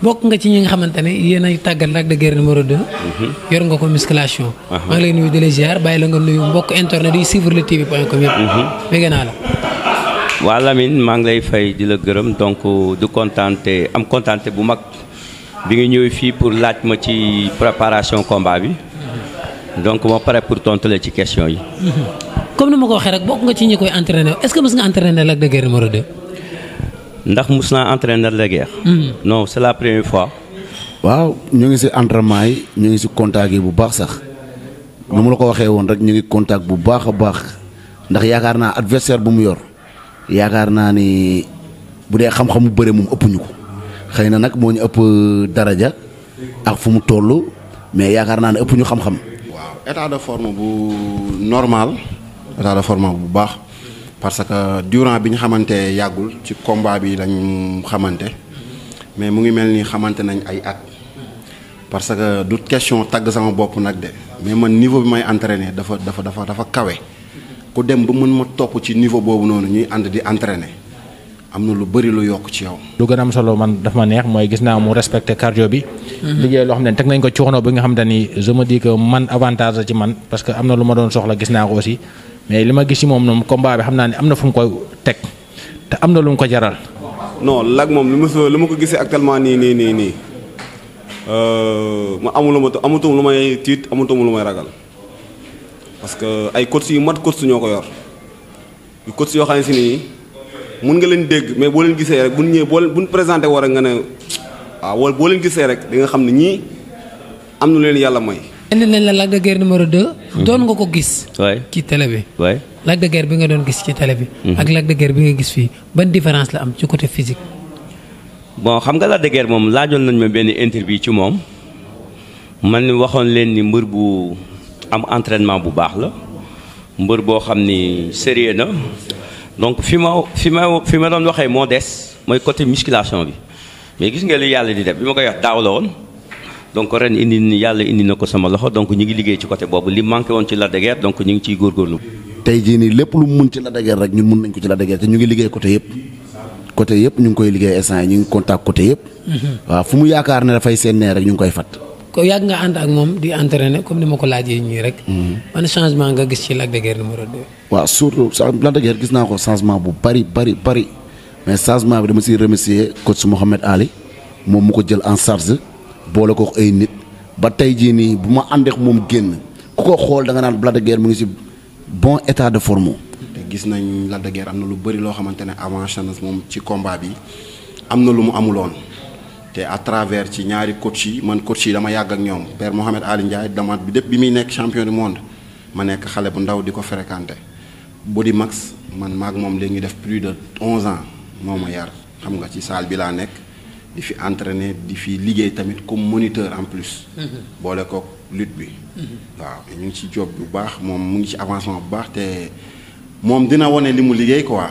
bokk nga ci ñi nga xamante ne yéen ay tàggat Lac de Guiers numéro 2. Mhm. yor nga ko musculation. maa ngi lay nuyu di bàyyi la nga nuyu mbokk internet yi suivre le tv point com yëpp. Mhm. bëgg naa la. waa Lamine maa ngi lay fay di la gërëm donc du contenté am contenté bu mag bi nga ñëw fii pour laaj ma ci préparation combat bi. Mhm. donc ma pare pour tontu ci question yi. comme ni ma ko waxee rek bokk nga ci ñi koy entraîné est mës nga entraîné Lac de ndax mus naa entraîner la guerre. Hmm. non c'est la première fois. waaw ñu ngi ci entraînement yi ñu ngi ci contact yi bu baax sax nu mu la ko waxee woon rek ñu ngi contact bu baax a baax ndax yaakaar naa adversaire bu mu yor yaakaar naa ni bu dee xam mu bëre moom ëpp ñu ko xëy na nag moo ñu ëpp daraja ak fu mu toll mais yaakaar naa ne ëpp ñu xam-xam. waaw état de forme bu normal état forme bu baax. parce que durant bi ñu xamante yàggul ci combat bi lañ xamante mais mu ngi mel nii xamante nañ ay at parce que du question tagg sama bopp nag de mais man niveau bi may entraîner dafa dafa dafa dafa kawe ku dem ba mën ma topp ci niveau boobu noonu ñuy ànd di entraîner am na lu bëri lu yokk ci yow. lu gën a am solo man dafa ma neex mooy gis naa mu respecté cardio bi. Mhm. liggéey loo xam ne teg nañ ko ci xonoo bi nga xam ni je man avantage la ci man parce que am na lu ma doon soxla gis naa ko aussi. mais li ma gis ci moom noonu combat bi xam naa ne am na fu mu koy teg te am na lu mu ko jaral. no lag moom lu ma si lu ma ko gisee actuellement nii nii nii nii euh, ma amul ma amatum lu may tiit amatum lu may ragal parce que ay coach yu mat coach ñoo ko yor yu coach yoo xam ne si nii mun nga leen dégg mais boo leen gisee rek bu ñu ñëwee boo bu ñu présenté war a nga ne ah, waaw boo leen gisee rek di nga xam ne ñii am na leen yàlla may. indi nañ la Lac de Guiers numéro 2. Mhm. doon nga ko gis. waay ci télé bi. waay Lac bi nga doon gis ci télé bi. Mhm. ak Lac bi nga gis fii ban différence la am ci côté physique. bon xam nga Lac de moom laajoon nañ ma benn interview ci moom man waxoon leen ni mbër bu am entraînement bu baax la mbër boo xam ni sérieux na donc fi ma fi ma fi ma doon waxee moo des mooy côté musculation bi mais gis nga li yàlla di def bi ma koy wax daaw la woon. donc ren indi ni yàlla indi na ko sama loxo donc ñu ngi liggéey ci côté boobu li manqué woon ci Lac de Guiers donc ñu ngi ciy góorgóorlu. tey jii nii lépp lu mu mun ci Lac rek mun nañ ko ci Lac de Guiers te ñu ngi liggéey côté yëpp côté yëpp ñu ngi koy liggéey instant yi ñu ngi contact côté yëpp. Mhm. waaw fu mu yaakaar ne dafay seen nee rek ñu ngi koy fat ko yàgg nga ànd ak moom di entraîner comme ni ma ko laajee ñii rek. Mhm. ban changement nga gis ci Lac de Guiers numéro 2. waaw surtout Lac gis naa ko changement bu bari bari bari mais changement bi dama siy remercier coach Mouhamed Ali moom mu ko jël en charge boole ko ay nit ba tey jii nii bu ma àndeek moom génn ku ko xool da nga naan Lac de Guiers mu ngi si bon état de forme. te gis nañ Lac de Guiers am na lu bëri loo xamante ne avant chance moom ci combat bi am na lu mu amuloon te à travers ci ñaari coach yi man coach yi dama yàgg ak ñoom père Mohamed Ali Ndiaye dama bi dépp bi muy nekk champion du monde ma nekk xale bu ndaw di ko fréquenté di Max man maag moom léegi ñu def plus de 11 ans moo ma yar xam nga ci saal bi laa nekk. di fi entraîner di fi liggéey tamit comme moniteur en plus. Mhm. boole ko lutte bi. Mhm. waaw ñu ngi ci job bu baax moom mu ngi ci avancement bu baax te moom dina wane li mu liggéey quoi.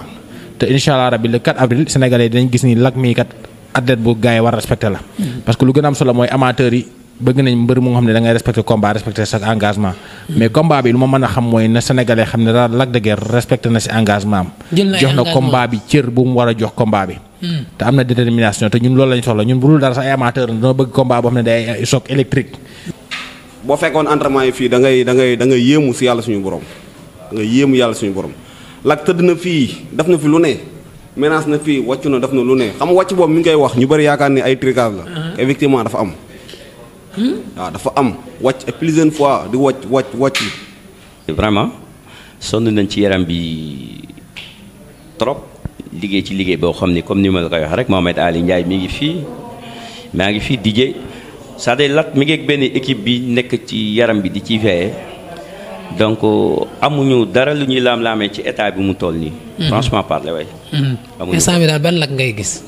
te incha allah rabi le 4 avril sénégalais dinañ gis ni Lac mii kat athlète bu gars war war respecté la. Mhm. parce que lu gën am solo mooy amateurs yi. bëgg nañ mbër mu xam ne dangay ngay respecté combat sa engagement. mais combat bi lu ma mën a xam mooy na sénégalais xam ne daal Lac de respecté na si engagement am. jox na a jox combat bi. te am na détermination te ñun lool lañ soxla ñun bu dul dara sax ay amateur dañoo bëgg combat boo xam ne day ay choc électrique. boo fekkoon entraînement yi fii da ngay da ngay da ngay yéemu si yàlla suñu borom da yéemu yàlla suñu borom lak tëdd na fii def na fi lu ne menace na fii wàccu na def na lu ne xam nga wàcc boobu mi ngi koy wax ñu bëri yaakaar ni ay tricage la. Uh-huh. effectivement dafa am. Hmm? waa dafa am wàcc plusieurs fois di wàcc wàcc wàcc. vraiment sonn nañ ci yaram bi trop. liggéey ci liggéey boo xam ni comme ni ma la koy wax rek Mohamed Ali Ndiaye mi ngi fii maa ngi fii DJ sa à lat mi ngi benn équipe bi nekk ci yaram bi di ci veillé donc euh, amuñu dara lu ñuy laam-laamee ci état bi mu toll nii. Mhm. franchement parler way mhm. amuñu instant bi daal ban lag ngay gis.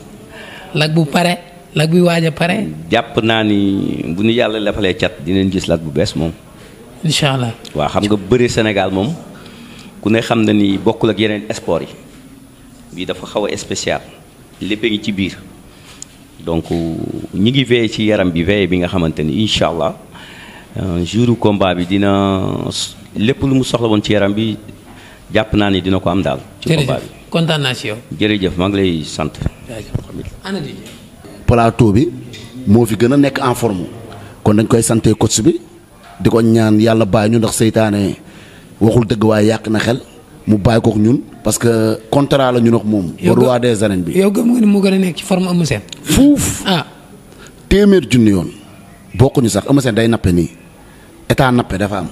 lag bu pare lag bi waaj pare. jàpp naa ni bu ñu yàlla defalee cat dinañ gis lat bu bees moom. incha allah waaw xam nga bëri Sénégal moom ku ne xam na ni bokkul ak yeneen sport yi. bi dafa xaw a spécial lépp ngi ci biir donc ñi ngi veillé ci yaram bi veillé bi nga xamante ni incha allah euh, jouru combat bi dina lépp lu mu soxla woon ci yaram bi jàpp naa ni dina ko am daal. ci combat bi jërëjëf maa ngi lay sant. plateau bi moo fi gën a nekk en forme kon dañ koy sante coach bi di ko ñaan yàlla bàyyi ñu ndax seytaane waxul dëgg waaye yàq na xel. mu bàyyi kook ñun parce que contrat la ñun ak moom. ba roi des arènes bi. yow gëm nga ni mu gën a nekk ci forme Eumeu Sène. fuuf ah. téeméer junni yoon bokkuñu sax Eumeu day nappe nii état nappe dafa am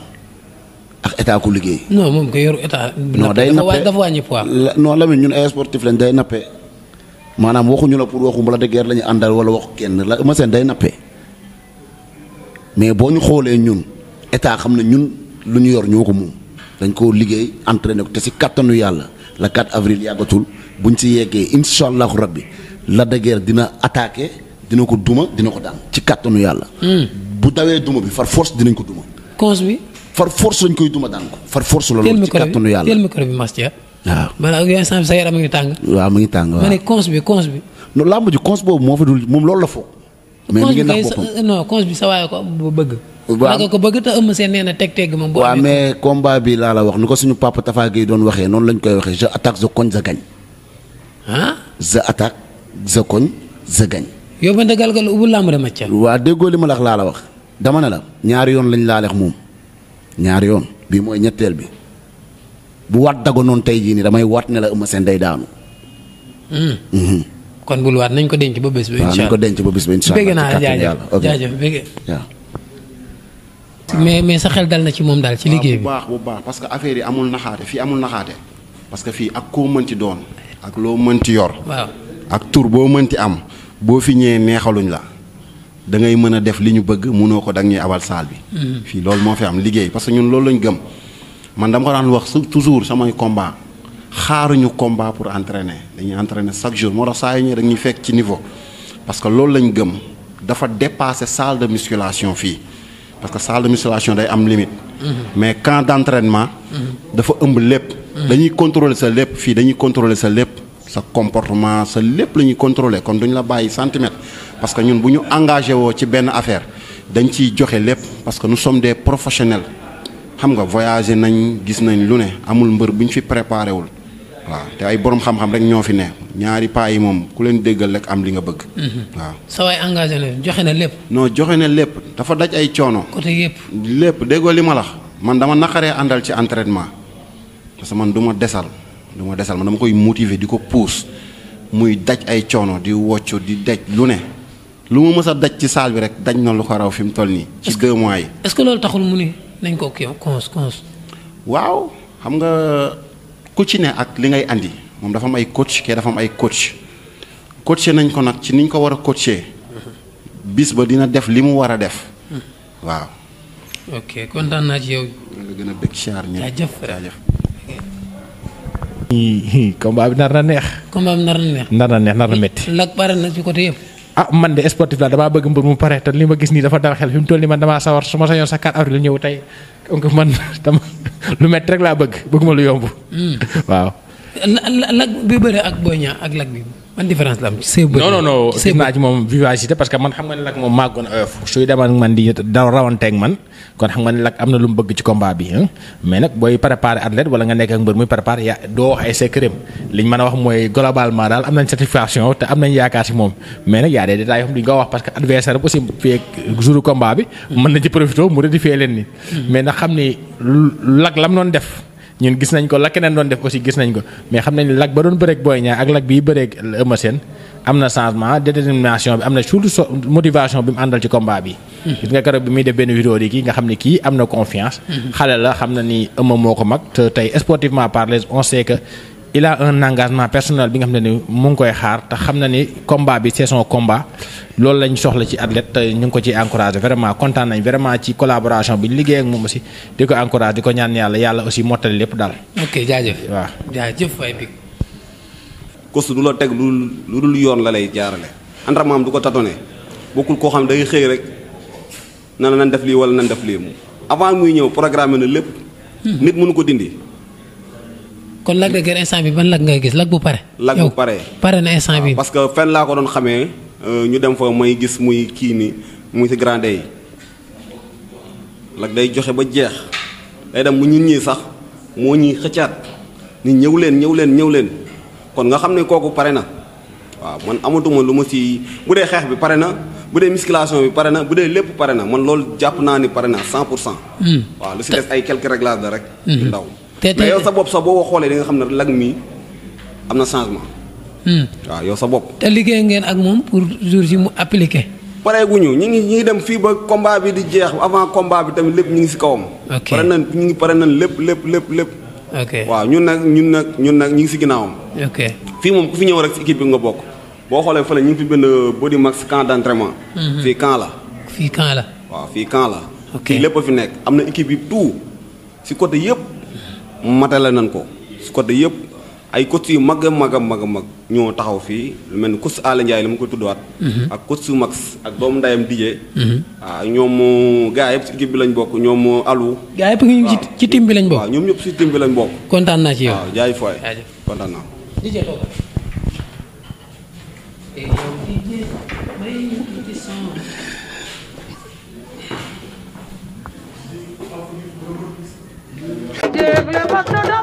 ak état ku liggéey. non moom ko yoru état. non day nappe dafa wàññi poids. non la ñun ay sportif lañ day nappe maanaam waxuñu la pour waxu mbala de guerre la ñu àndal wala wax kenn la Eumeu day nappe mais boo ñu xoolee ñun état xam na ñun lu ñu yor ñoo ko moom. dañ koo liggéey entraîné ko te si kattanu yàlla la 4 avril yàggatul buñ si yeggee incha allahu rabbi Lac de Guiers dina attaqué dina ko duma dina ko daan ci kattanu yàlla. Hmm. bu dawee duma bi far force dinañ ko duma. cause bi. far force lañ koy duma daan ko. far force la loolu ci kattanu yàlla teel micro bi teel micro bi sa yaram mu ngi tàng. waaw mu ngi tàng waaw ma ne cause bi cause bi. non làmb ji moo fa dul moom loolu bi sa waay ko bëgg. waaw nga ko bëgg te nee na teg teg moom. boo waaw mais bi laa la wax ni ko suñu papa Tafa Gueye doon waxee noonu lañ koy waxee je attaque je cogne je gagne. ah. je attaque je cogne je gagne. yow ba ndagal ga la ubbi làmb de Mathiam. déggoo li ma la laa la wax. dama ne la ñaari yoon lañ laa lex moom ñaari yoon bii mooy ñetteel bi bu waat dago noonu tey jii nii damay waat ne la ëmm seen day daanu. Hmm. Mhm. kon bul waat nañ ko denc ba bés ba. incha allah waaw nañ ko denc ba bés naa la jaajëf jaajëf mais mais sa xel dal na ci moom daal ci liggéey bi. baax bu baax parce que affaire yi amul naxaate fii amul naxaate parce que fii ak koo mënti doon. ak loo mënti yor. ak tur boo mënti am boo fi ñëwee neexaluñ la da ngay mën a def li ñu bëgg munoo ko da ñuy abal saal bi. Mm-hmm. fii loolu moo fi am liggéey parce que ñun loolu lañ gëm man dama ko daan wax su toujours samay combat xaaruñu combat pour entraîner dañuy entraîner chaque jour moo tax saa yu ñëwee dañuy fekk ci niveau parce que loolu lañ gëm dafa dépasser salle de musculation fii. parce que salle de musculation day am limite. mais camp d' dafa ëmb lépp. dañuy contrôler sa lépp fii dañuy contrôler sa lépp sa comportement sa lépp la ñuy contrôler kon duñ la bàyyi centimètre parce que ñun bu ñu engagé woo ci benn affaire dañ ciy joxe lépp parce que nous sommes des professionnels xam nga voyagé nañ gis nañ lu ne amul mbër bu ñu fi préparé wul. waaw te ay borom xam-xam rek ñoo fi ne ñaari paa yi moom ku leen déggal rek am li nga bëgg. Mm-hmm. waaw sa waay engagé la joxe na lépp. noo joxe ne lépp dafa daj ay coono. côté yëpp. lépp déggoo li ma la man dama naqaree àndal ci entraînement parce que man du ma desal du ma desal man dama koy motiver di ko pousse muy daj ay coono di wocc di daj lu ne lu ma mës a daj ci saal bi rek daj na lu ko raw fi mu toll nii. ci deux mois yi. est-ce que loolu taxul mu ni nañ ko kii ku ci ne ak li ngay indi moom dafa am ay coach kee dafa am ay coach coaché nañ ko nag ci niñ ko war a coaché bis ba dina def li mu war a def waaw. ok kontaan naa ci yow. gën a bëgg char ñi jaajëf jaajëf. combat bi nar na neex. combat bi nar na neex. nar na neex nar na métti. na ci côté ah man de sportif la damaa bëgg mbër mu pare te li ma gis nii dafa dal xel fi mu toll nii man damaa sawar su ma sañoon sa 4 avril ñëw tey donc man dama lu métti rek laa bëgg bëgguma lu yomb. Hmm. waaw. la la lag bi bëre ak Boy Niang ak lag bi. man différence la am ci sëy non non non gis naa ci moom vivacité parce que man xam nga ne lak moom màggoon oyof euh, suy demaan man di daw rawanteeg man kon xam nga am na lu mu bëgg ci combat bi mais nag booy préparé athlète nga nekk ak mbër muy préparé ya doo wax ay secret a wax mooy globalement daal am nañ satisfaction te am nañ yaakaar si moom mais nag yaa des détails yoo xam duñ ko wax parce que adversaire bi aussi fii ak jour combat bi mën ni hmm. mais lam noonu def ñun gis nañ ko la keneen doon def aussi gis nañ ko mais xam nañ lak ba doon bëreeg Boy Niang ak lak bii bëreeg Eumeu Sène am na changement détermination bi am na surtout motivation bi mu àndal ci combat bi. gis nga keroog bi muy def benn vidéo di nga xam ne kii am na confiance. Mhm. xale la xam na ni Eumeu moo ko mag te tey sportivement parlé on sait il a un engagement personnel bi nga xam ne ni mu ngi koy xaar te xam na ni combat bi c'est son combat loolu lañ soxla ci athlète te ñu ngi ko ciy encouragé vraiment kontaan nañ vraiment ci collaboration bi ñu liggéey ak moom aussi di ko encouragé di ko ñaan yàlla yàlla aussi mottali lépp daal. ok jaajëf. waaw jaajëf waay bi. course du la teg lu dul yoon la lay jaarale. entraînement am du ko tâtonné bokkul koo xam day xëy rek nan nan def lii wala nan def lii moom avant muy ñëw programme na lépp. Hmm. nit mënu ko dindi. kon Lac de Guiers bi ban nag ngay gis Lac bu pare. Lac bu pare pare na instant bi pare que fenn laa ko doon xamee euh, ñu dem fa may gis muy kii nii muy si grande yi Lac day joxe ba jeex day dem mu ñun ñii sax moo ñuy xëccaat ni ñëw leen ñëw leen ñëw leen kon nga xam ne kooku pare na waaw man amatuma lu ma si bu dee xeex bi pare na. bu dee musculation bi pare na bu dee lépp pare na man loolu jàpp naa ni pare na 100 pour cent. Hmm. waaw lu si des ay quelques réglages la rek. Hmm. ndaw. te mais yow sa bopp sax boo xoolee di nga xam ne lag mi am na changement. Hmm. waaw yow sa bopp. te liggéey ngeen ak moom pour jour yi mu appliqué. pare guñu ñu ngi ñu ngi dem fii ba combat bi di jeex avant combat bi tamit lépp ñu ngi si kawam. ok pare nañ ñu ngi pare nañ lépp lépp lépp lépp. ok waaw ñun nag ñun nag ñun nag ñu ngi si ginnaawam. ok fii moom ku fi ñëw rek si équipe bi nga bokk. boo xoolee fële ñu ngi fi benn boo max camp d' entraînement. Mhm. fii camp la. fii camp la. waaw fii la. ok lépp a fi nekk am na équipe yi tout si côté yëpp. matale nañ ko su côté yëpp ay coach yu mag a mag a mag a mag ñoo taxaw fii lu mel ni coach Aly Ndiaye la ma ko tuddaat mhm. ak coach mag ak doomu ndayam Dijee mhm. waaw ñoom gars yëpp si équipe bi lañ bokk ñoom alu gars yëpp ngi ci ci team bi lañ bokk waaw ñoom ñëpp si team bi lañ bokk kontaan naa ci yow waaw jaay fooy kontaan naa ভক্তরা